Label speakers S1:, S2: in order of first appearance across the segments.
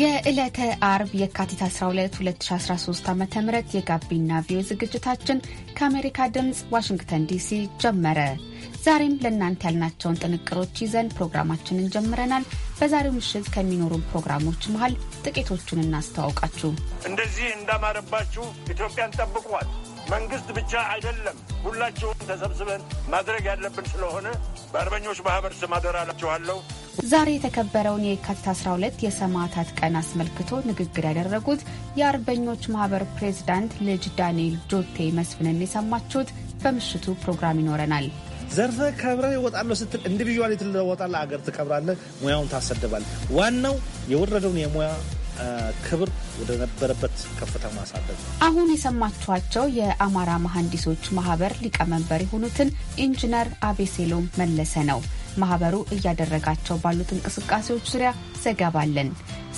S1: የዕለተ አርብ የካቲት 12 2013 ዓ ም የጋቢና ቪዮ ዝግጅታችን ከአሜሪካ ድምፅ ዋሽንግተን ዲሲ ጀመረ። ዛሬም ለእናንተ ያልናቸውን ጥንቅሮች ይዘን ፕሮግራማችንን ጀምረናል። በዛሬው ምሽት ከሚኖሩን ፕሮግራሞች መሀል ጥቂቶቹን እናስተዋውቃችሁ። እንደዚህ
S2: እንዳማረባችሁ ኢትዮጵያን ጠብቋል። መንግስት ብቻ አይደለም፣ ሁላቸውም ተሰብስበን ማድረግ ያለብን ስለሆነ በአርበኞች ማህበር ስም አደራ
S1: ዛሬ የተከበረውን የካቲት 12 የሰማዕታት ቀን አስመልክቶ ንግግር ያደረጉት የአርበኞች ማህበር ፕሬዚዳንት ልጅ ዳንኤል ጆቴ መስፍንን የሰማችሁት። በምሽቱ ፕሮግራም ይኖረናል።
S2: ዘርፈ ከብረ እወጣለሁ ስትል ኢንዲቪዥዋል ትለወጣለህ፣ አገር ትከብራለህ፣ ሙያውን ታሰድባለህ። ዋናው የወረደውን የሙያ ክብር ወደነበረበት ከፍታ ማሳደግ ነው።
S1: አሁን የሰማችኋቸው የአማራ መሐንዲሶች ማህበር ሊቀመንበር የሆኑትን ኢንጂነር አቤሴሎም መለሰ ነው። ማህበሩ እያደረጋቸው ባሉት እንቅስቃሴዎች ዙሪያ ዘገባለን።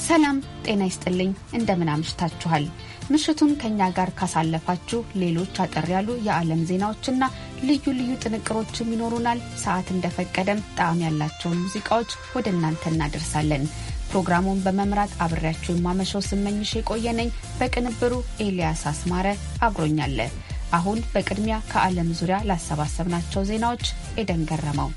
S1: ሰላም ጤና ይስጥልኝ። እንደምን አምሽታችኋል? ምሽቱን ከእኛ ጋር ካሳለፋችሁ ሌሎች አጠር ያሉ የዓለም ዜናዎችና ልዩ ልዩ ጥንቅሮችም ይኖሩናል። ሰዓት እንደፈቀደም ጣዕም ያላቸውን ሙዚቃዎች ወደ እናንተ እናደርሳለን። ፕሮግራሙን በመምራት አብሬያችሁ የማመሸው ስመኝሽ የቆየነኝ በቅንብሩ ኤልያስ አስማረ አብሮኛለ። አሁን በቅድሚያ ከዓለም ዙሪያ ላሰባሰብናቸው ዜናዎች ኤደን ገረመው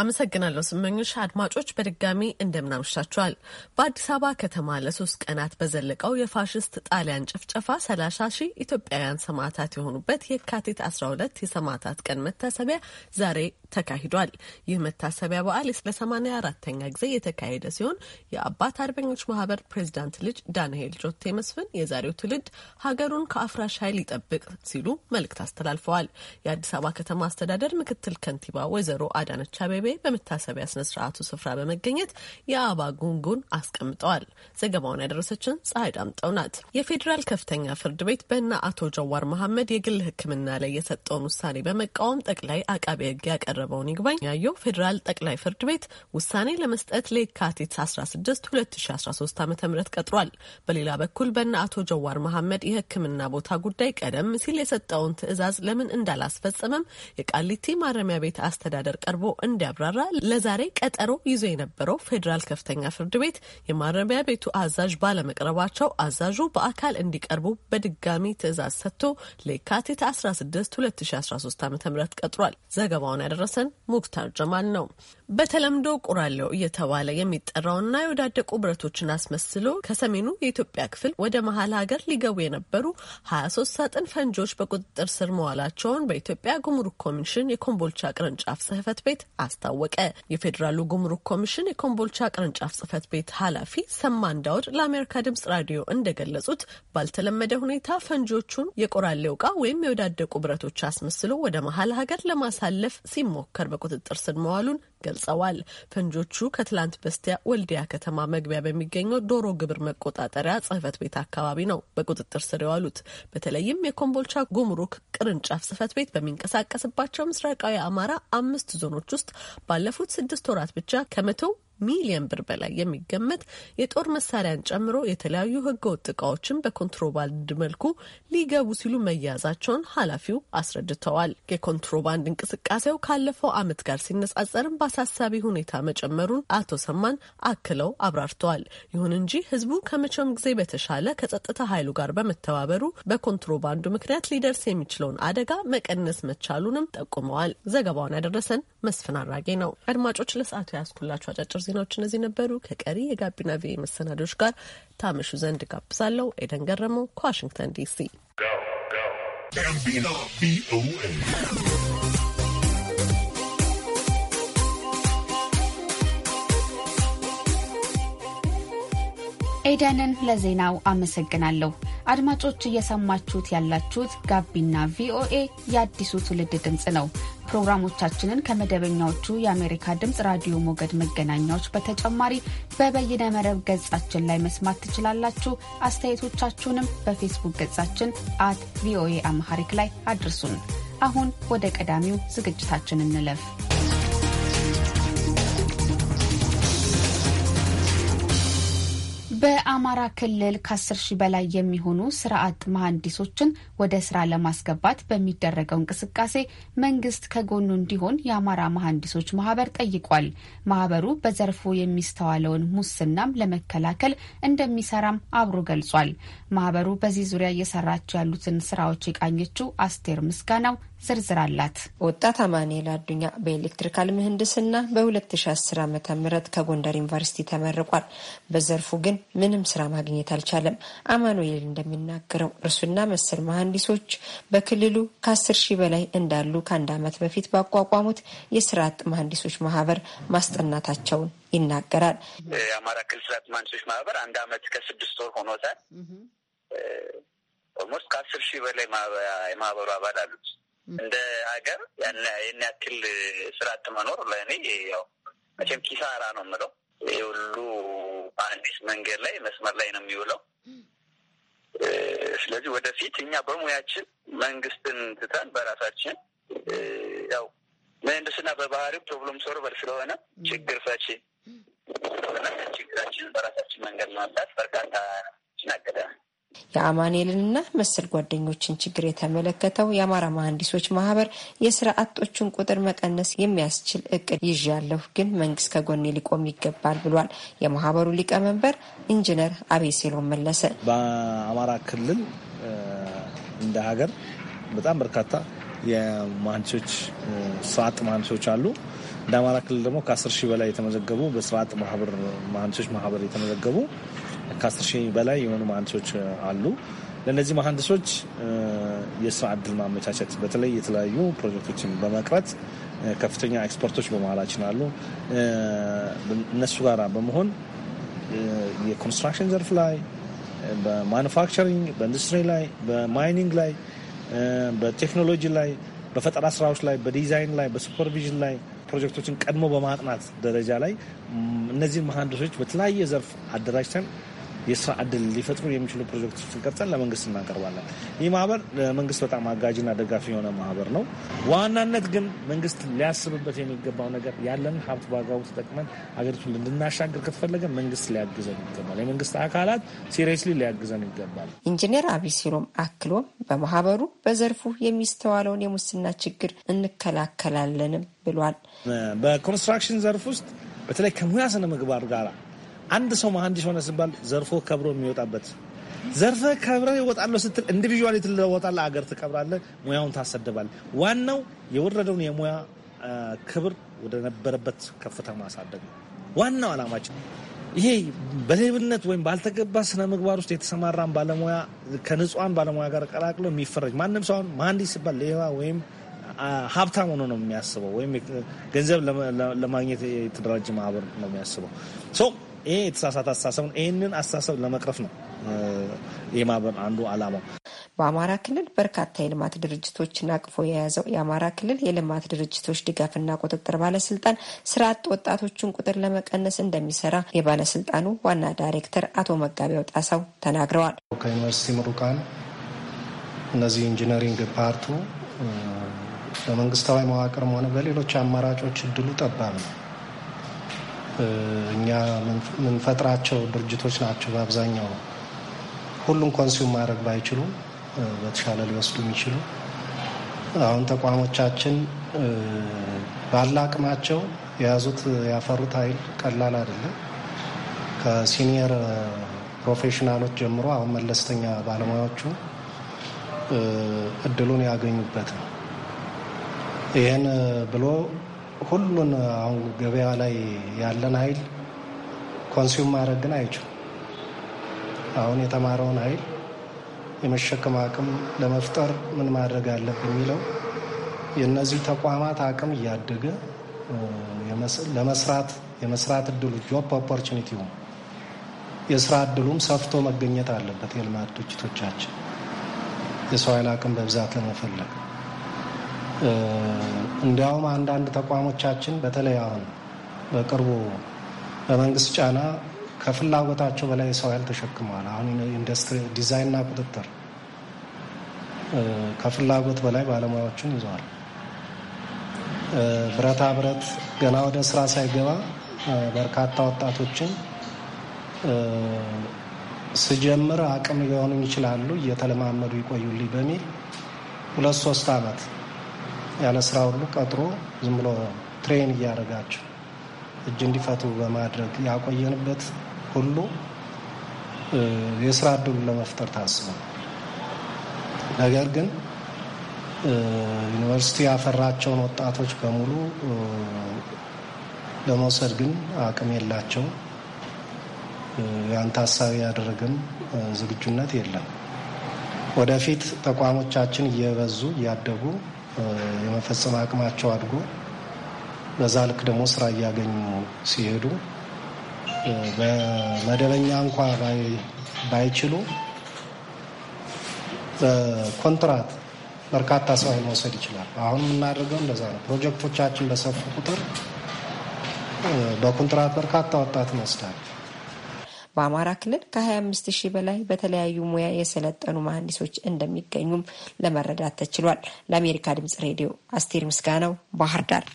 S3: አመሰግናለሁ ስመኞች። አድማጮች በድጋሚ እንደምናምሻችኋል። በአዲስ አበባ ከተማ ለሶስት ቀናት በዘለቀው የፋሽስት ጣሊያን ጭፍጨፋ 30 ሺህ ኢትዮጵያውያን ሰማዕታት የሆኑበት የካቲት 12 የሰማዕታት ቀን መታሰቢያ ዛሬ ተካሂዷል። ይህ መታሰቢያ በዓል 84 አራተኛ ጊዜ የተካሄደ ሲሆን የአባት አርበኞች ማህበር ፕሬዚዳንት ልጅ ዳንኤል ጆቴ መስፍን የዛሬው ትውልድ ሀገሩን ከአፍራሽ ኃይል ይጠብቅ ሲሉ መልእክት አስተላልፈዋል። የአዲስ አበባ ከተማ አስተዳደር ምክትል ከንቲባ ወይዘሮ አዳነች አቤቤ በመታሰቢያ ስነ ስፍራ በመገኘት የአበባ ጉንጉን አስቀምጠዋል። ዘገባውን ያደረሰችን ፀሐይ ዳምጠው ናት። የፌዴራል ከፍተኛ ፍርድ ቤት በእነ አቶ ጀዋር መሐመድ የግል ሕክምና ላይ የሰጠውን ውሳኔ በመቃወም ጠቅላይ አቃቤ ሕግ ያቀር የቀረበውን ይግባኝ ያየው ፌዴራል ጠቅላይ ፍርድ ቤት ውሳኔ ለመስጠት ለየካቲት 16 2013 ዓ ም ቀጥሯል። በሌላ በኩል በእነ አቶ ጀዋር መሐመድ የሕክምና ቦታ ጉዳይ ቀደም ሲል የሰጠውን ትዕዛዝ ለምን እንዳላስፈጸመም የቃሊቲ ማረሚያ ቤት አስተዳደር ቀርቦ እንዲያብራራ ለዛሬ ቀጠሮ ይዞ የነበረው ፌዴራል ከፍተኛ ፍርድ ቤት የማረሚያ ቤቱ አዛዥ ባለመቅረባቸው አዛዡ በአካል እንዲቀርቡ በድጋሚ ትዕዛዝ ሰጥቶ ለየካቲት 16 2013 ዓ ም ቀጥሯል። ዘገባውን ያደረሰ ያደረሰን ሙክታር ጀማል ነው። በተለምዶ ቁራለው እየተባለ የሚጠራውና የወዳደቁ ብረቶችን አስመስሎ ከሰሜኑ የኢትዮጵያ ክፍል ወደ መሀል ሀገር ሊገቡ የነበሩ 23 ሳጥን ፈንጂዎች በቁጥጥር ስር መዋላቸውን በኢትዮጵያ ጉምሩክ ኮሚሽን የኮምቦልቻ ቅርንጫፍ ጽህፈት ቤት አስታወቀ። የፌዴራሉ ጉምሩክ ኮሚሽን የኮምቦልቻ ቅርንጫፍ ጽህፈት ቤት ኃላፊ ሰማን ዳውድ ለአሜሪካ ድምጽ ራዲዮ እንደገለጹት ባልተለመደ ሁኔታ ፈንጂዎቹን የቆራሌው ዕቃ ወይም የወዳደቁ ብረቶች አስመስሎ ወደ መሀል ሀገር ለማሳለፍ ሲሞከር በቁጥጥር ስር መዋሉን ገልጸዋል። ፈንጆቹ ከትላንት በስቲያ ወልዲያ ከተማ መግቢያ በሚገኘው ዶሮ ግብር መቆጣጠሪያ ጽህፈት ቤት አካባቢ ነው በቁጥጥር ስር የዋሉት። በተለይም የኮምቦልቻ ጉምሩክ ቅርንጫፍ ጽህፈት ቤት በሚንቀሳቀስባቸው ምስራቃዊ አማራ አምስት ዞኖች ውስጥ ባለፉት ስድስት ወራት ብቻ ከመቶ ሚሊዮን ብር በላይ የሚገመት የጦር መሳሪያን ጨምሮ የተለያዩ ህገወጥ እቃዎችን በኮንትሮባንድ መልኩ ሊገቡ ሲሉ መያዛቸውን ኃላፊው አስረድተዋል። የኮንትሮባንድ እንቅስቃሴው ካለፈው ዓመት ጋር ሲነጻጸርም በአሳሳቢ ሁኔታ መጨመሩን አቶ ሰማን አክለው አብራርተዋል። ይሁን እንጂ ህዝቡ ከመቼውም ጊዜ በተሻለ ከጸጥታ ኃይሉ ጋር በመተባበሩ በኮንትሮባንዱ ምክንያት ሊደርስ የሚችለውን አደጋ መቀነስ መቻሉንም ጠቁመዋል። ዘገባውን ያደረሰን መስፍን አራጌ ነው። አድማጮች ለሰዓቱ ያስኩላችሁ አጫጭር ዜናዎች እነዚህ ነበሩ። ከቀሪ የጋቢና ቪ መሰናዶች ጋር ታመሹ ዘንድ ጋብዛለሁ። ኤደን ገረመው ከዋሽንግተን ዲሲ
S1: ኤደንን ለዜናው አመሰግናለሁ። አድማጮች እየሰማችሁት ያላችሁት ጋቢና ቪኦኤ የአዲሱ ትውልድ ድምፅ ነው። ፕሮግራሞቻችንን ከመደበኛዎቹ የአሜሪካ ድምፅ ራዲዮ ሞገድ መገናኛዎች በተጨማሪ በበይነ መረብ ገጻችን ላይ መስማት ትችላላችሁ። አስተያየቶቻችሁንም በፌስቡክ ገጻችን አት ቪኦኤ አምሃሪክ ላይ አድርሱን። አሁን ወደ ቀዳሚው ዝግጅታችን እንለፍ። በአማራ ክልል ከ10 ሺህ በላይ የሚሆኑ ስራ አጥ መሐንዲሶችን ወደ ስራ ለማስገባት በሚደረገው እንቅስቃሴ መንግስት ከጎኑ እንዲሆን የአማራ መሐንዲሶች ማህበር ጠይቋል። ማህበሩ በዘርፉ የሚስተዋለውን ሙስናም ለመከላከል እንደሚሰራም አብሮ ገልጿል። ማህበሩ በዚህ ዙሪያ እየሰራቸው ያሉትን ስራዎች የቃኘችው አስቴር ምስጋናው ዝርዝር አላት። ወጣት አማኑኤል አዱኛ በኤሌክትሪካል ምህንድስና በ2010
S4: ዓ ም ከጎንደር ዩኒቨርሲቲ ተመርቋል። በዘርፉ ግን ምንም ስራ ማግኘት አልቻለም። አማኑኤል እንደሚናገረው እርሱና መሰል መሐንዲሶች በክልሉ ከ10 ሺ በላይ እንዳሉ ከአንድ ዓመት በፊት ባቋቋሙት የስራ አጥ መሐንዲሶች ማህበር ማስጠናታቸውን ይናገራል።
S5: የአማራ ክልል ስራ አጥ ማህበር አንድ ዓመት ከስድስት ወር ሆኖታል። ኦልሞስት ከአስር ሺህ በላይ የማህበሩ አባል አሉት። እንደ ሀገር ያን ይህን ያክል ስራ አጥ መኖር ለእኔ ያው መቼም ኪሳራ ነው የምለው። ይህ ሁሉ አዲስ መንገድ ላይ መስመር ላይ ነው የሚውለው። ስለዚህ ወደፊት እኛ በሙያችን መንግስትን ትተን በራሳችን ያው ምህንድስና በባህሪው ፕሮብለም ሶልቨር ስለሆነ ችግር ፈቺ ችግራችን በራሳችን መንገድ ለመፍታት በርካታ ችናገደ
S4: የአማኑኤልንና መሰል ጓደኞችን ችግር የተመለከተው የአማራ መሐንዲሶች ማህበር የስራ አጦችን ቁጥር መቀነስ የሚያስችል እቅድ ይዣለሁ፣ ግን መንግስት ከጎኔ ሊቆም ይገባል ብሏል። የማህበሩ ሊቀመንበር ኢንጂነር አቤሴሎ መለሰ
S2: በአማራ ክልል እንደ ሀገር በጣም በርካታ የመሐንዲሶች ስራ መሀንዲሶች አሉ። እንደ አማራ ክልል ደግሞ ከ10 ሺህ በላይ የተመዘገቡ በስራ ማህበር ማህበር የተመዘገቡ ከአስር ሺህ በላይ የሆኑ መሀንዲሶች አሉ። ለእነዚህ መሀንዲሶች የስራ እድል ማመቻቸት በተለይ የተለያዩ ፕሮጀክቶችን በመቅረጥ ከፍተኛ ኤክስፐርቶች በመሀላችን አሉ። እነሱ ጋር በመሆን የኮንስትራክሽን ዘርፍ ላይ፣ በማኑፋክቸሪንግ፣ በኢንዱስትሪ ላይ፣ በማይኒንግ ላይ፣ በቴክኖሎጂ ላይ፣ በፈጠራ ስራዎች ላይ፣ በዲዛይን ላይ፣ በሱፐርቪዥን ላይ ፕሮጀክቶችን ቀድሞ በማጥናት ደረጃ ላይ እነዚህን መሀንዲሶች በተለያየ ዘርፍ አደራጅተን የስራ እድል ሊፈጥሩ የሚችሉ ፕሮጀክቶችን ቀርጸን ለመንግስት እናቀርባለን። ይህ ማህበር ለመንግስት በጣም አጋጅና ደጋፊ የሆነ ማህበር ነው። ዋናነት ግን መንግስት ሊያስብበት የሚገባው ነገር ያለን ሀብት በአግባቡ ተጠቅመን ሀገሪቱን እንድናሻግር ከተፈለገ መንግስት ሊያግዘን ይገባል። የመንግስት አካላት ሲሪየስሊ ሊያግዘን ይገባል።
S4: ኢንጂነር አብይ ሲሮም አክሎም በማህበሩ በዘርፉ የሚስተዋለውን
S2: የሙስና ችግር እንከላከላለንም ብሏል። በኮንስትራክሽን ዘርፍ ውስጥ በተለይ ከሙያ ስነ ምግባር ጋር አንድ ሰው መሀንዲስ ሆነ ሲባል ዘርፎ ከብሮ የሚወጣበት ዘርፈ ከብረ ይወጣለሁ ስትል ኢንዲቪዥዋል ትለወጣለህ፣ አገር ትቀብራለህ፣ ሙያውን ታሰድባለህ። ዋናው የወረደውን የሙያ ክብር ወደ ነበረበት ከፍታ ማሳደግ ነው ዋናው አላማችን። ይሄ በሌብነት ወይም ባልተገባ ስነ ምግባር ውስጥ የተሰማራን ባለሙያ ከንጹሐን ባለሙያ ጋር ቀላቅሎ የሚፈረጅ ማንም ሰው አሁን መሀንዲስ ሲባል ሌባ ወይም ሀብታም ሆኖ ነው የሚያስበው፣ ወይም ገንዘብ ለማግኘት የተደራጀ ማህበር ነው የሚያስበው ይሄ የተሳሳተ አስተሳሰብ ነው። ይህንን አስተሳሰብ ለመቅረፍ ነው የማህበር አንዱ አላማው።
S4: በአማራ ክልል በርካታ የልማት ድርጅቶችን አቅፎ የያዘው የአማራ ክልል የልማት ድርጅቶች ድጋፍና ቁጥጥር ባለስልጣን ስራ አጥ ወጣቶችን ቁጥር ለመቀነስ እንደሚሰራ የባለስልጣኑ ዋና ዳይሬክተር አቶ መጋቢያው ጣሳው
S6: ተናግረዋል። ከዩኒቨርሲቲ ምሩቃን እነዚህ ኢንጂነሪንግ ፓርቱ በመንግስታዊ መዋቅርም ሆነ በሌሎች አማራጮች እድሉ ጠባብ ነው። እኛ የምንፈጥራቸው ድርጅቶች ናቸው። በአብዛኛው ሁሉም ኮንሱም ማድረግ ባይችሉም በተሻለ ሊወስዱ የሚችሉ አሁን ተቋሞቻችን ባለ አቅማቸው የያዙት ያፈሩት ኃይል ቀላል አይደለም። ከሲኒየር ፕሮፌሽናሎች ጀምሮ አሁን መለስተኛ ባለሙያዎቹ እድሉን ያገኙበት ነው። ይህን ብሎ ሁሉን አሁን ገበያ ላይ ያለን ኃይል ኮንሱም ማድረግን ግን አይችል። አሁን የተማረውን ኃይል የመሸከም አቅም ለመፍጠር ምን ማድረግ አለብን የሚለው የእነዚህ ተቋማት አቅም እያደገ ለመስራት የመስራት እድሉ ጆብ ኦፖርቹኒቲው የስራ እድሉም ሰፍቶ መገኘት አለበት። የልማት ድርጅቶቻችን የሰው ኃይል አቅም በብዛት ለመፈለግ እንዲያውም አንዳንድ ተቋሞቻችን በተለይ አሁን በቅርቡ በመንግስት ጫና ከፍላጎታቸው በላይ ሰው ኃይል ተሸክመዋል። አሁን ኢንዱስትሪ ዲዛይንና ቁጥጥር ከፍላጎት በላይ ባለሙያዎችን ይዘዋል። ብረታ ብረት ገና ወደ ስራ ሳይገባ በርካታ ወጣቶችን ስጀምር አቅም ሊሆኑ ይችላሉ እየተለማመዱ ይቆዩልኝ በሚል ሁለት ሶስት አመት። ያለ ስራ ሁሉ ቀጥሮ ዝም ብሎ ትሬን እያደረጋቸው እጅ እንዲፈቱ በማድረግ ያቆየንበት ሁሉ የስራ እድሉን ለመፍጠር ታስቦ ነገር ግን ዩኒቨርሲቲ ያፈራቸውን ወጣቶች በሙሉ ለመውሰድ ግን አቅም የላቸው። ያን ታሳቢ ያደረገም ዝግጁነት የለም። ወደፊት ተቋሞቻችን እየበዙ እያደጉ የመፈጸም አቅማቸው አድጎ በዛ ልክ ደግሞ ስራ እያገኙ ሲሄዱ በመደበኛ እንኳ ባይችሉ በኮንትራት በርካታ ሰው መውሰድ ይችላል። አሁን የምናደርገው እንደዛ ነው። ፕሮጀክቶቻችን በሰፉ ቁጥር በኮንትራት በርካታ ወጣት እንወስዳለን።
S4: በአማራ ክልል ከ25 ሺህ በላይ በተለያዩ ሙያ የሰለጠኑ መሐንዲሶች እንደሚገኙም ለመረዳት ተችሏል። ለአሜሪካ ድምጽ ሬዲዮ አስቴር ምስጋናው ባህር ዳር።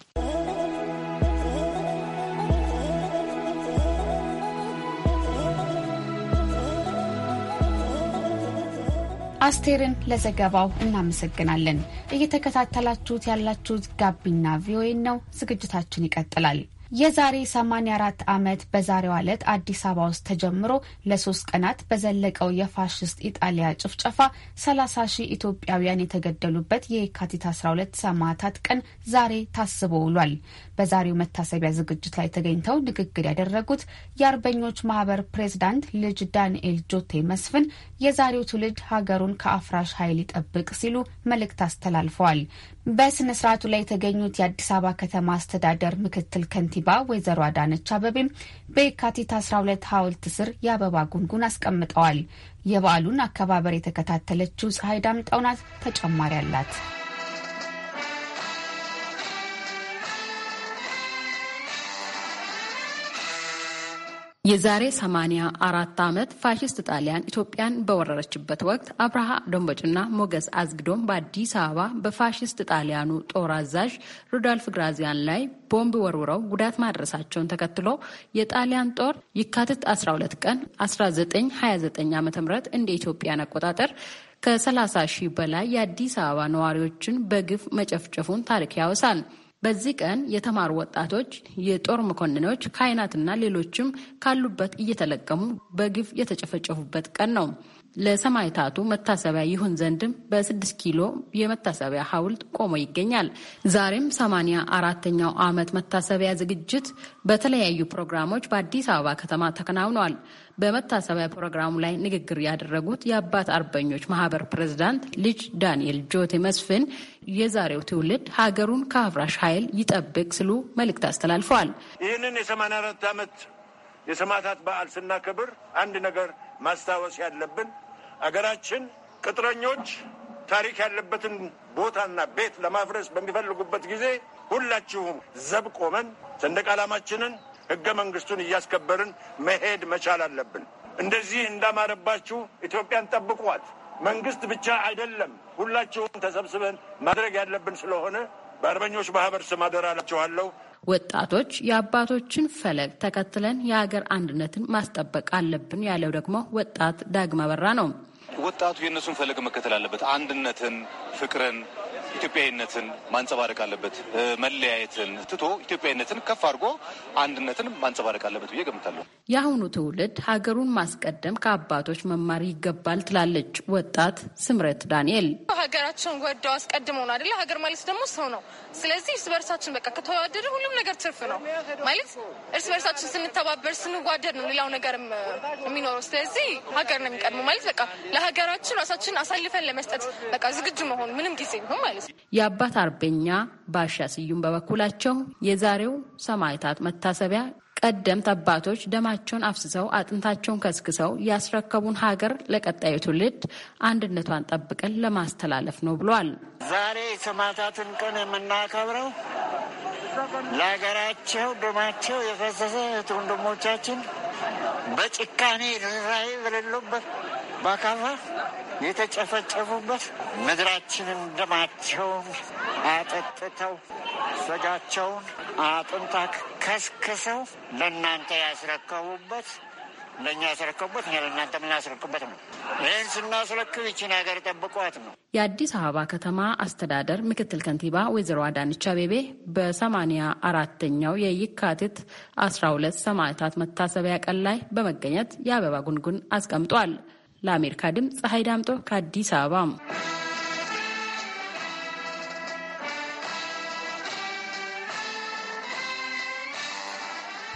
S1: አስቴርን ለዘገባው እናመሰግናለን። እየተከታተላችሁት ያላችሁት ጋቢና ቪኦኤ ነው። ዝግጅታችን ይቀጥላል። የዛሬ 84 ዓመት በዛሬው ዕለት አዲስ አበባ ውስጥ ተጀምሮ ለሶስት ቀናት በዘለቀው የፋሽስት ኢጣሊያ ጭፍጨፋ 30 ሺህ ኢትዮጵያውያን የተገደሉበት የካቲት 12 ሰማዕታት ቀን ዛሬ ታስቦ ውሏል። በዛሬው መታሰቢያ ዝግጅት ላይ ተገኝተው ንግግር ያደረጉት የአርበኞች ማህበር ፕሬዝዳንት ልጅ ዳንኤል ጆቴ መስፍን የዛሬው ትውልድ ሀገሩን ከአፍራሽ ኃይል ይጠብቅ ሲሉ መልእክት አስተላልፈዋል። በስነ ስርዓቱ ላይ የተገኙት የአዲስ አበባ ከተማ አስተዳደር ምክትል ከንቲባ ወይዘሮ አዳነች አበቤም በየካቲት 12 ሐውልት ስር የአበባ ጉንጉን አስቀምጠዋል። የበዓሉን አከባበር የተከታተለችው ፀሐይ ዳምጠውናት ተጨማሪ አላት።
S7: የዛሬ 84 ዓመት ፋሽስት ጣሊያን ኢትዮጵያን በወረረችበት ወቅት አብርሃ ደንበጭና ሞገስ አዝግዶም በአዲስ አበባ በፋሽስት ጣሊያኑ ጦር አዛዥ ሮዶልፍ ግራዚያን ላይ ቦምብ ወርውረው ጉዳት ማድረሳቸውን ተከትሎ የጣሊያን ጦር የካቲት 12 ቀን 1929 ዓ ም እንደ ኢትዮጵያን አቆጣጠር ከ30 ሺህ በላይ የአዲስ አበባ ነዋሪዎችን በግፍ መጨፍጨፉን ታሪክ ያወሳል። በዚህ ቀን የተማሩ ወጣቶች፣ የጦር መኮንኖች፣ ካህናትና ሌሎችም ካሉበት እየተለቀሙ በግፍ የተጨፈጨፉበት ቀን ነው። ለሰማዕታቱ መታሰቢያ ይሁን ዘንድም በስድስት ኪሎ የመታሰቢያ ሐውልት ቆሞ ይገኛል። ዛሬም ሰማንያ አራተኛው ዓመት መታሰቢያ ዝግጅት በተለያዩ ፕሮግራሞች በአዲስ አበባ ከተማ ተከናውኗል። በመታሰቢያ ፕሮግራሙ ላይ ንግግር ያደረጉት የአባት አርበኞች ማህበር ፕሬዝዳንት ልጅ ዳንኤል ጆቴ መስፍን የዛሬው ትውልድ ሀገሩን ከአፍራሽ ኃይል ይጠብቅ ስሉ መልእክት አስተላልፈዋል።
S2: ይህንን የሰማንያ አራት ዓመት የሰማዕታት በዓል ስናከብር አንድ ነገር ማስታወስ ያለብን አገራችን ቅጥረኞች ታሪክ ያለበትን ቦታና ቤት ለማፍረስ በሚፈልጉበት ጊዜ ሁላችሁም ዘብ ቆመን ሰንደቅ ዓላማችንን፣ ህገ መንግስቱን እያስከበርን መሄድ መቻል አለብን። እንደዚህ እንዳማረባችሁ ኢትዮጵያን ጠብቋት። መንግስት ብቻ አይደለም፣ ሁላችሁም ተሰብስበን ማድረግ ያለብን ስለሆነ በአርበኞች ማህበር ስም አደራ
S7: ወጣቶች የአባቶችን ፈለግ ተከትለን የሀገር አንድነትን ማስጠበቅ አለብን ያለው ደግሞ ወጣት ዳግማ በራ ነው።
S6: ወጣቱ የእነሱን ፈለግ መከተል አለበት። አንድነትን፣ ፍቅርን ኢትዮጵያዊነትን ማንጸባረቅ አለበት። መለያየትን ትቶ ኢትዮጵያዊነትን ከፍ አድርጎ አንድነትን ማንጸባረቅ አለበት ብዬ ገምታለሁ።
S7: የአሁኑ ትውልድ ሀገሩን ማስቀደም ከአባቶች መማር ይገባል ትላለች ወጣት ስምረት ዳንኤል።
S3: ሀገራችን ወደው አስቀድመው ነው አደለ? ሀገር ማለት ደግሞ ሰው ነው። ስለዚህ እርስ በርሳችን በቃ ከተዋደደ ሁሉም ነገር ትርፍ ነው ማለት እርስ በርሳችን ስንተባበር ስንዋደድ ነው ሌላው ነገር የሚኖረው። ስለዚህ ሀገር ነው የሚቀድመው ማለት በቃ ለሀገራችን ራሳችን አሳልፈን ለመስጠት በቃ ዝግጁ መሆኑ ምንም ጊዜ ነው ማለት
S7: የአባት አርበኛ ባሻ ስዩም በበኩላቸው የዛሬው ሰማዕታት መታሰቢያ ቀደምት አባቶች ደማቸውን አፍስሰው አጥንታቸውን ከስክሰው ያስረከቡን ሀገር ለቀጣዩ ትውልድ አንድነቷን ጠብቀን ለማስተላለፍ ነው ብሏል።
S5: ዛሬ የሰማዕታትን ቀን የምናከብረው ለሀገራቸው ደማቸው የፈሰሰ እህት ወንድሞቻችን በጭካኔ ርኅራኄ በሌለበት በአካፋ የተጨፈጨፉበት ምድራችንን ደማቸውን አጠጥተው ስጋቸውን አጥንታ ከስክሰው ለእናንተ ያስረከቡበት ለእኛ ያስረከቡበት እኛ ለእናንተ የምናስረክበት ነው። ይህን ስናስረክብ ይችን ሀገር ጠብቋት ነው።
S7: የአዲስ አበባ ከተማ አስተዳደር ምክትል ከንቲባ ወይዘሮ አዳነች አቤቤ በሰማኒያ አራተኛው የየካቲት አስራ ሁለት ሰማዕታት መታሰቢያ ቀን ላይ በመገኘት የአበባ ጉንጉን አስቀምጧል። ለአሜሪካ ድምፅ ፀሐይ ዳምጦ ከአዲስ አበባ።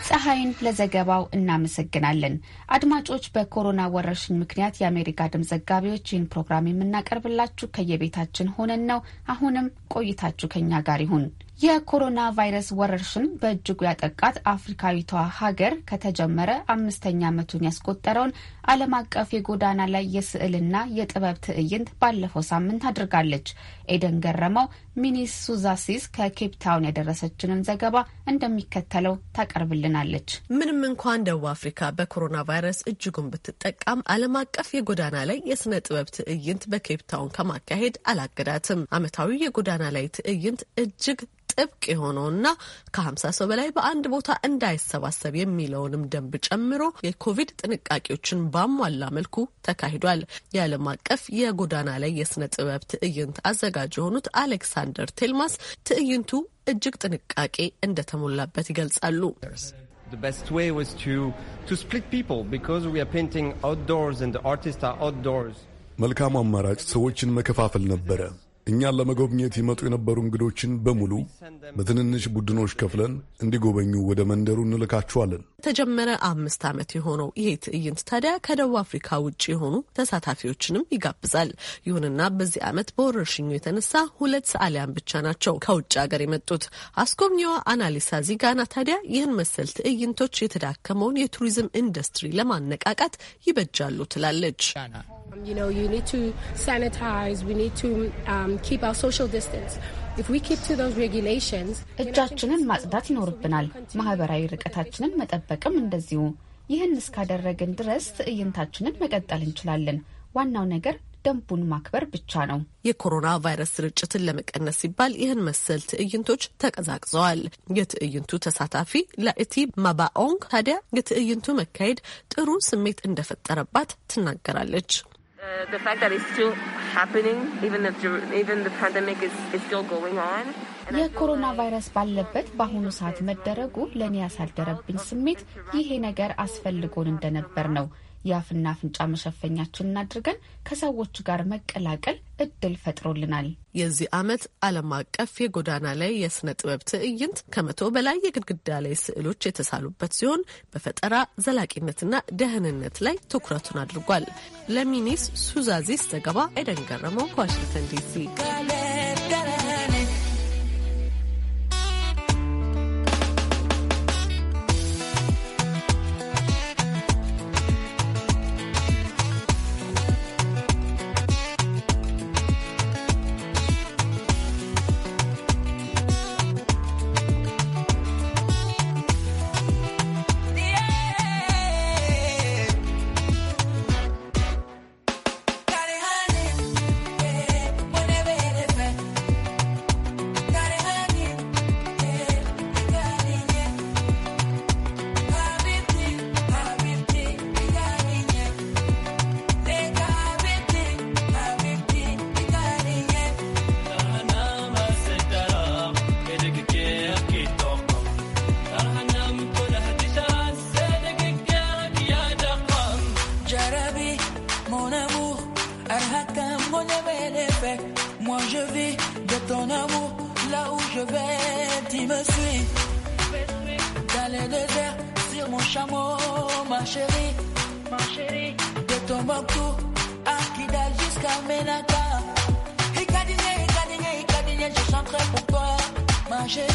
S1: ፀሐይን ለዘገባው እናመሰግናለን። አድማጮች፣ በኮሮና ወረርሽኝ ምክንያት የአሜሪካ ድምፅ ዘጋቢዎች ይህን ፕሮግራም የምናቀርብላችሁ ከየቤታችን ሆነን ነው። አሁንም ቆይታችሁ ከኛ ጋር ይሁን። የኮሮና ቫይረስ ወረርሽን በእጅጉ ያጠቃት አፍሪካዊቷ ሀገር ከተጀመረ አምስተኛ ዓመቱን ያስቆጠረውን ዓለም አቀፍ የጎዳና ላይ የስዕልና የጥበብ ትዕይንት ባለፈው ሳምንት አድርጋለች። ኤደን ገረመው ሚኒስ ሱዛሲስ ከኬፕ ታውን ያደረሰችንን ዘገባ እንደሚከተለው ታቀርብልናለች።
S3: ምንም እንኳን ደቡብ አፍሪካ በኮሮና ቫይረስ እጅጉን ብትጠቃም ዓለም አቀፍ የጎዳና ላይ የስነ ጥበብ ትዕይንት በኬፕ ታውን ከማካሄድ አላገዳትም። ዓመታዊ የጎዳና ላይ ትዕይንት እጅግ ጥብቅ የሆነውና ከ50 ሰው በላይ በአንድ ቦታ እንዳይሰባሰብ የሚለውንም ደንብ ጨምሮ የኮቪድ ጥንቃቄዎችን ባሟላ መልኩ ተካሂዷል። የዓለም አቀፍ የጎዳና ላይ የስነ ጥበብ ትዕይንት አዘጋጅ የሆኑት አሌክሳንደር ቴልማስ ትዕይንቱ እጅግ ጥንቃቄ እንደተሞላበት ይገልጻሉ። The best way was to to split people because we are painting outdoors and the artists are outdoors.
S8: መልካሙ አማራጭ ሰዎችን መከፋፈል ነበረ። እኛን ለመጎብኘት ይመጡ የነበሩ እንግዶችን በሙሉ በትንንሽ ቡድኖች ከፍለን እንዲጎበኙ ወደ መንደሩ እንልካቸዋለን።
S3: የተጀመረ አምስት ዓመት የሆነው ይሄ ትዕይንት ታዲያ ከደቡብ አፍሪካ ውጭ የሆኑ ተሳታፊዎችንም ይጋብዛል። ይሁንና በዚህ ዓመት በወረርሽኙ የተነሳ ሁለት ሰዓሊያን ብቻ ናቸው ከውጭ ሀገር የመጡት። አስጎብኚዋ አናሊሳ ዚጋና ታዲያ ይህን መሰል ትዕይንቶች የተዳከመውን የቱሪዝም ኢንዱስትሪ ለማነቃቃት ይበጃሉ ትላለች።
S1: እጃችንን ማጽዳት ይኖርብናል። ማህበራዊ ርቀታችንን መጠበቅም እንደዚሁ። ይህን እስካደረግን ድረስ ትዕይንታችንን መቀጠል እንችላለን።
S3: ዋናው ነገር ደንቡን ማክበር ብቻ ነው። የኮሮና ቫይረስ ስርጭትን ለመቀነስ ሲባል ይህን መሰል ትዕይንቶች ተቀዛቅዘዋል። የትዕይንቱ ተሳታፊ ለእቲ ማባኦንግ ታዲያ የትዕይንቱ መካሄድ ጥሩ ስሜት እንደፈጠረባት ትናገራለች። Uh,
S1: የኮሮና ቫይረስ ባለበት በአሁኑ ሰዓት መደረጉ ለእኔ ያሳደረብኝ ስሜት ይሄ ነገር አስፈልጎን እንደነበር ነው። የአፍና አፍንጫ መሸፈኛችን
S3: አድርገን ከሰዎች ጋር መቀላቀል እድል ፈጥሮልናል። የዚህ ዓመት ዓለም አቀፍ የጎዳና ላይ የስነ ጥበብ ትዕይንት ከመቶ በላይ የግድግዳ ላይ ስዕሎች የተሳሉበት ሲሆን በፈጠራ ዘላቂነትና ደህንነት ላይ ትኩረቱን አድርጓል። ለሚኒስ ሱዛዚስ ዘገባ ኤደን ገረመው ከዋሽንግተን ዲሲ
S5: changer.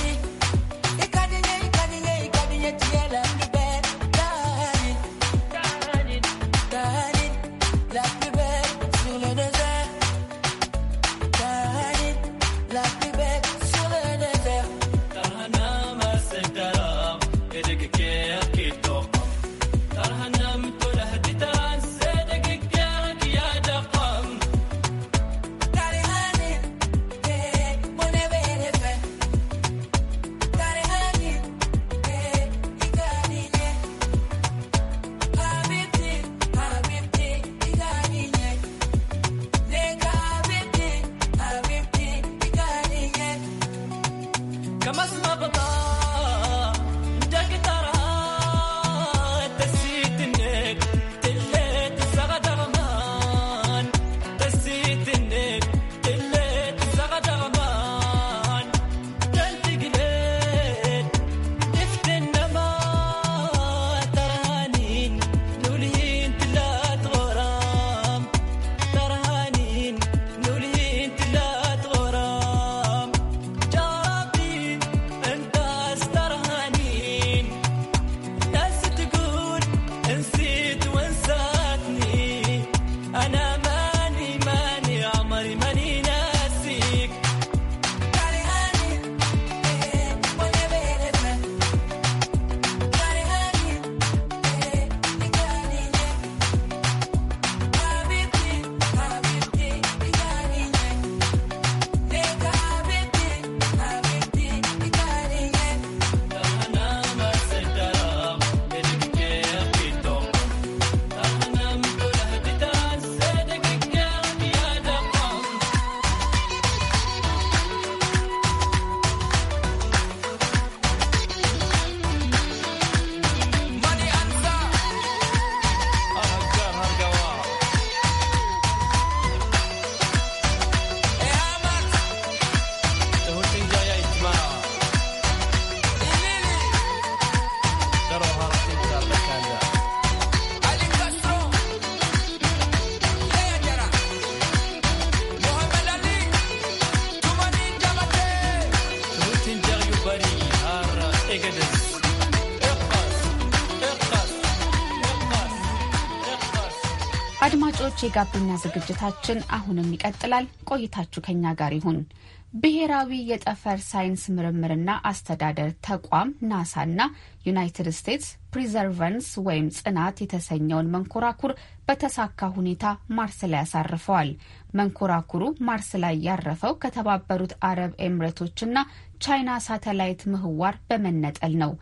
S1: የጋቢና ዝግጅታችን አሁንም ይቀጥላል። ቆይታችሁ ከኛ ጋር ይሁን። ብሔራዊ የጠፈር ሳይንስ ምርምርና አስተዳደር ተቋም ናሳና ዩናይትድ ስቴትስ ፕሪዘርቨንስ ወይም ጽናት የተሰኘውን መንኮራኩር በተሳካ ሁኔታ ማርስ ላይ ያሳርፈዋል። መንኮራኩሩ ማርስ ላይ ያረፈው ከተባበሩት አረብ ኤምሬቶችና ቻይና ሳተላይት ምህዋር በመነጠል ነው።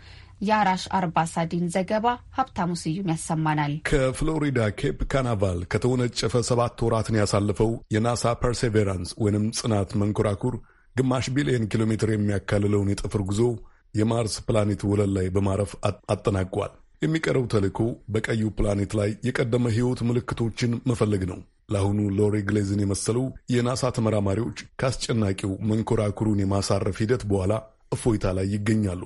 S1: የአራሽ አርባሳዲን ዘገባ ሀብታሙ ስዩም ያሰማናል።
S8: ከፍሎሪዳ ኬፕ ካናቫል ከተወነጨፈ ሰባት ወራትን ያሳለፈው የናሳ ፐርሴቬራንስ ወይንም ጽናት መንኮራኩር ግማሽ ቢሊዮን ኪሎ ሜትር የሚያካልለውን የጥፍር ጉዞ የማርስ ፕላኔት ወለል ላይ በማረፍ አጠናቋል። የሚቀረው ተልእኮ በቀዩ ፕላኔት ላይ የቀደመ ሕይወት ምልክቶችን መፈለግ ነው። ለአሁኑ ሎሪ ግሌዝን የመሰሉ የናሳ ተመራማሪዎች ከአስጨናቂው መንኮራኩሩን የማሳረፍ ሂደት በኋላ እፎይታ ላይ ይገኛሉ።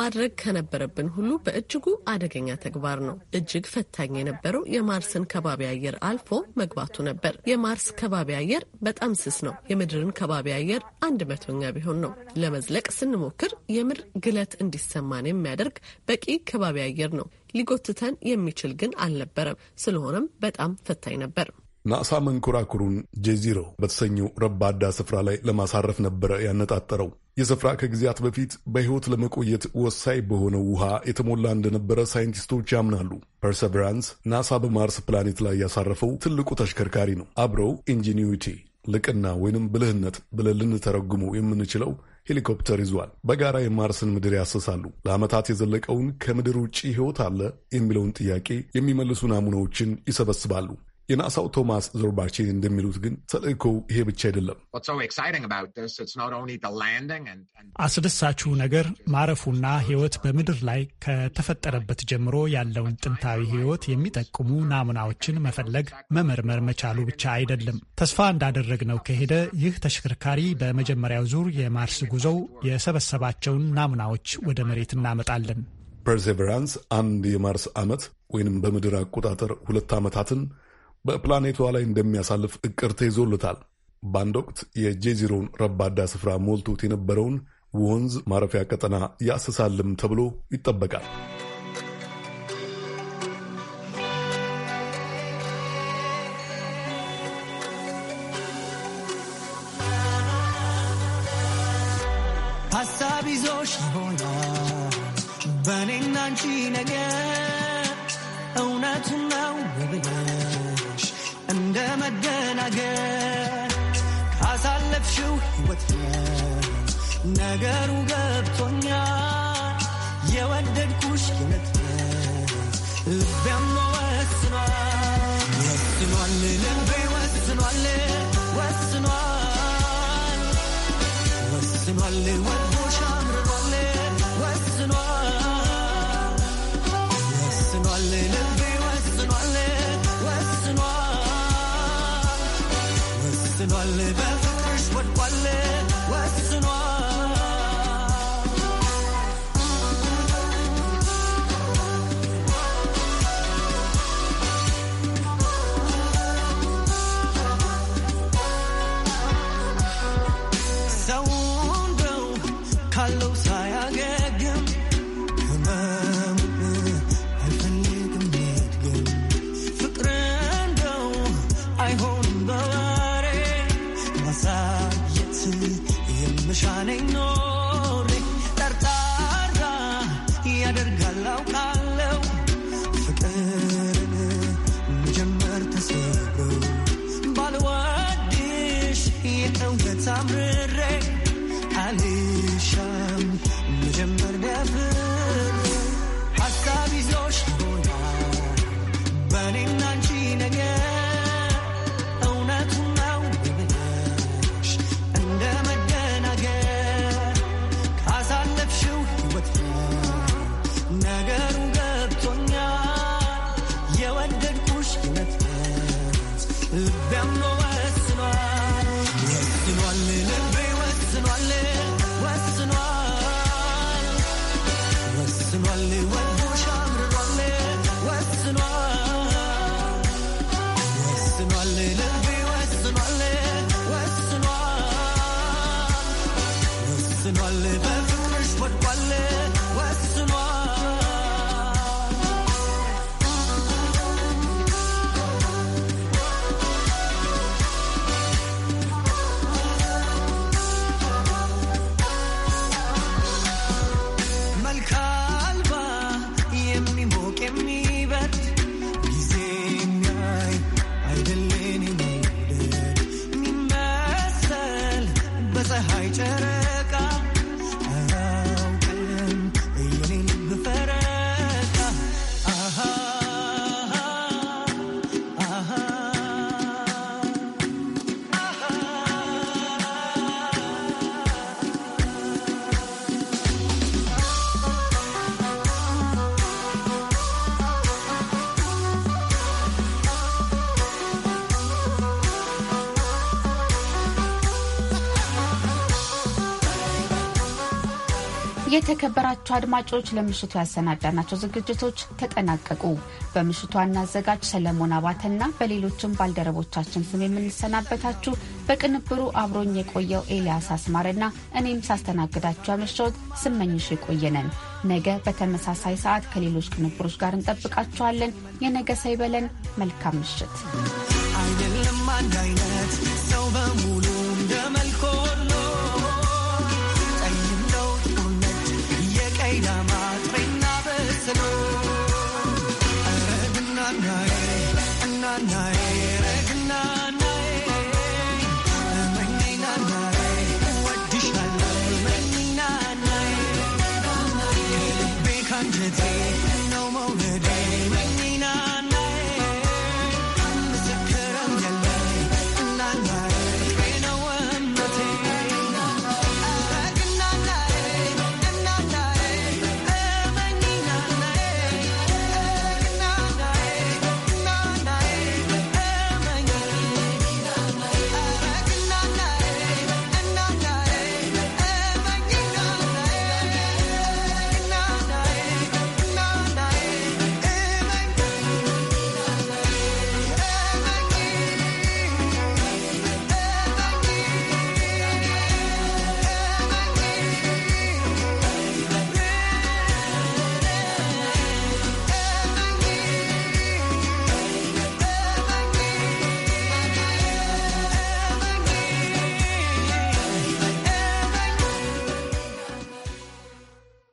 S3: ማድረግ ከነበረብን ሁሉ በእጅጉ አደገኛ ተግባር ነው። እጅግ ፈታኝ የነበረው የማርስን ከባቢ አየር አልፎ መግባቱ ነበር። የማርስ ከባቢ አየር በጣም ስስ ነው። የምድርን ከባቢ አየር አንድ መቶኛ ቢሆን ነው። ለመዝለቅ ስንሞክር የምድር ግለት እንዲሰማን የሚያደርግ በቂ ከባቢ አየር ነው። ሊጎትተን የሚችል ግን አልነበረም። ስለሆነም በጣም ፈታኝ ነበር።
S8: ናሳ መንኮራኩሩን ጄዚሮ በተሰኘው ረባዳ ስፍራ ላይ ለማሳረፍ ነበረ ያነጣጠረው። የስፍራ ከጊዜያት በፊት በሕይወት ለመቆየት ወሳኝ በሆነው ውሃ የተሞላ እንደነበረ ሳይንቲስቶች ያምናሉ። ፐርሰቨራንስ ናሳ በማርስ ፕላኔት ላይ ያሳረፈው ትልቁ ተሽከርካሪ ነው። አብረው ኢንጂኒዊቲ ልቅና ወይንም ብልህነት ብለን ልንተረጉመው የምንችለው ሄሊኮፕተር ይዟል። በጋራ የማርስን ምድር ያሰሳሉ። ለዓመታት የዘለቀውን ከምድር ውጭ ሕይወት አለ የሚለውን ጥያቄ የሚመልሱ ናሙናዎችን ይሰበስባሉ። የናሳው ቶማስ ዞርባቼን እንደሚሉት ግን ተልእኮው ይሄ ብቻ አይደለም።
S2: አስደሳቹ ነገር ማረፉና ሕይወት በምድር ላይ ከተፈጠረበት ጀምሮ ያለውን ጥንታዊ ሕይወት የሚጠቁሙ ናሙናዎችን መፈለግ፣ መመርመር መቻሉ ብቻ አይደለም። ተስፋ እንዳደረግነው ከሄደ ይህ ተሽከርካሪ በመጀመሪያው ዙር የማርስ ጉዞው የሰበሰባቸውን ናሙናዎች ወደ መሬት እናመጣለን።
S8: ፐርሴቨራንስ አንድ የማርስ ዓመት ወይንም በምድር አቆጣጠር ሁለት ዓመታትን በፕላኔቷ ላይ እንደሚያሳልፍ እቅር ተይዞለታል። በአንድ ወቅት የጄዚሮን ረባዳ ስፍራ ሞልቶት የነበረውን ወንዝ ማረፊያ ቀጠና ያስሳልም ተብሎ ይጠበቃል።
S5: ነገሩ ገብቶኛል የወደድኩሽ እውነት ልቤም ወስኗል ወስኗል ልቤ ወስኗል ወስኗል ወስኗል
S1: የተከበራቸው አድማጮች ለምሽቱ ያሰናዳናቸው ዝግጅቶች ተጠናቀቁ። በምሽቱ ዋና አዘጋጅ ሰለሞን አባተና በሌሎችም ባልደረቦቻችን ስም የምንሰናበታችሁ በቅንብሩ አብሮኝ የቆየው ኤልያስ አስማርና እኔም ሳስተናግዳችሁ ያመሸሁት ስመኝሽ የቆየነን። ነገ በተመሳሳይ ሰዓት ከሌሎች ቅንብሮች ጋር እንጠብቃችኋለን። የነገ ሰው ይበለን። መልካም ምሽት።
S5: አይደለም አንድ አይነት ሰው በሙሉ night.